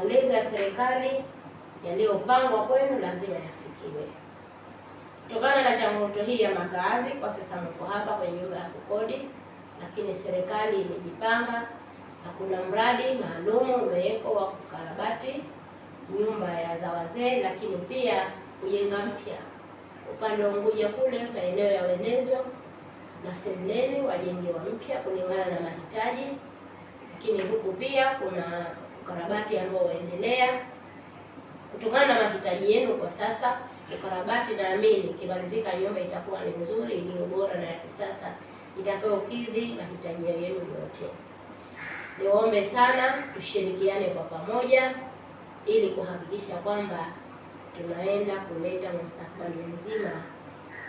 malengo ya serikali yaliyopangwa kwenu lazima yafikiwe. Kutokana na changamoto hii ya makazi, kwa sasa mko hapa kwenye nyumba ya kukodi, lakini serikali imejipanga na kuna mradi maalumu umewekwa wa kukarabati nyumba ya za wazee, lakini pia kujenga mpya upande wa Unguja kule maeneo ya Wenezo na Semleni wajengewa mpya kulingana na mahitaji, lakini huku pia kuna ukarabati ambao waendelea kutokana na mahitaji yenu kwa sasa. Ukarabati naamini ikimalizika, nyumba itakuwa ni nzuri iliyo bora na ya kisasa itakayokidhi mahitaji yenu yote. Niwaombe sana tushirikiane kwa pamoja ili kuhakikisha kwamba tunaenda kuleta mustakabali mzima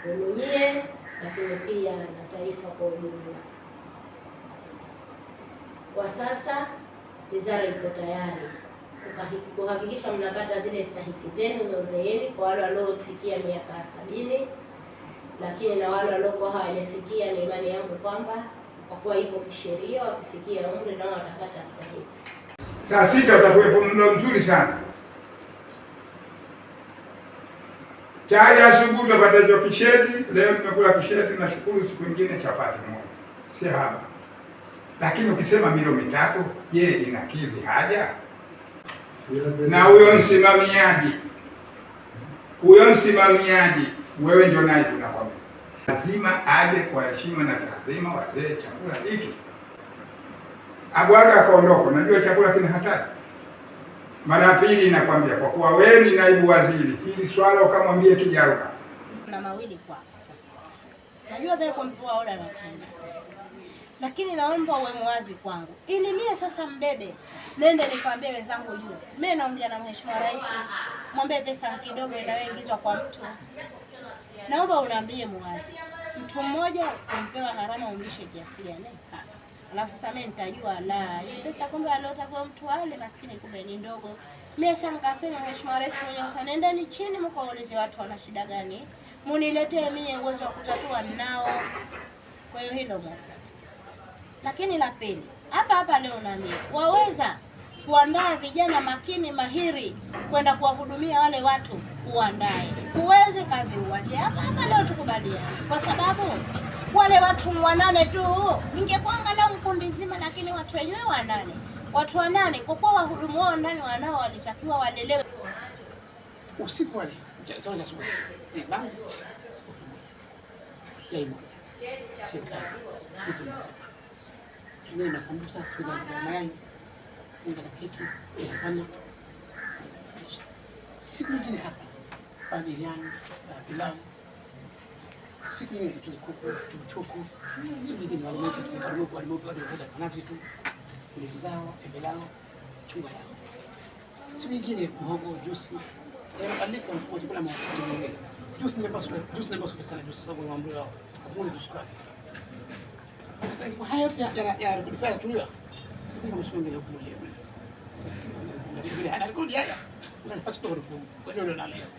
wenu lakini pia na taifa kwa ujumla. Kwa sasa wizara iko tayari kuhakikisha mnapata zile stahiki zenu za uzeeni kwa wale waliofikia miaka sabini, lakini na wale waliokuwa hawajafikia, ni imani yangu kwamba kwa kuwa ipo kisheria, wakifikia umri nao watapata stahiki. Saa sita utakuwepo mlo mzuri sana, chai ya asubuhi utapata hicho kisheti. Leo nimekula kisheti, nashukuru. Siku nyingine chapati moja, si haba lakini ukisema milo mitatu, je, inakidhi haja? Na huyo msimamiaji, huyo msimamiaji, wewe ndio naye tunakwambia, lazima aje kwa heshima na taadhima. Wazee, chakula hiki abwaga akaondoka. najua chakula kina hatari. Mara ya pili inakwambia, kwa kuwa wewe ni naibu waziri, hili swala ukamwambie Kijaruka na mawili kwa Najua vile kwa mpewa oda natenda, lakini naomba uwe mwazi kwangu, ili mie sasa mbebe nende nikwambie wenzangu juu mimi naongea na mheshimiwa rais, mwambie pesa kidogo inayoingizwa kwa mtu, naomba unaambie mwazi, mtu mmoja kumpewa gharama umlishe kiasi gani? alafu sasa mimi nitajua la pesa kumbe aliotakiwa mtu wale maskini kumbe ni ndogo. Mimi sasa nikasema Mheshimiwa Rais mwenyewe sasa, nendeni chini mkawaeleze watu wana shida gani, muniletee mimi uwezo wa kutatua nao. Kwa hiyo hilo moja, lakini la pili hapa hapa leo nami waweza kuandaa vijana makini mahiri kwenda kuwahudumia wale watu, uandae uweze kazi uwache hapa hapa leo, tukubalia kwa sababu wale watu wanane tu, ningekuanga na mkundi zima, lakini watu wenyewe wanane, watu wanane, kwa kuwa wahudumu wao ndani wanao, walitakiwa walelewe usiku wale Siku nyingine hapa babiliani babilau eh, siku nyingi chukuchuku, siku nyingi walimoto walimoto, watu wanakata nanasi tu, ndizi zao, embe lao, chungwa lao, siku nyingine muhogo, juisi. Alika mfuko chakula mtengenezee juisi, nimepaswa juisi, nimepaswa sana juisi, sababu na mambo yao hakuna kusukari. Sasa hiyo haya yote yanarudifaa yatuliwa, siku nyingi mshukuru ndio kumoja. Sasa ndio ndio ndio ndio ndio ndio ndio ndio ndio ndio ndio ndio ndio ndio ndio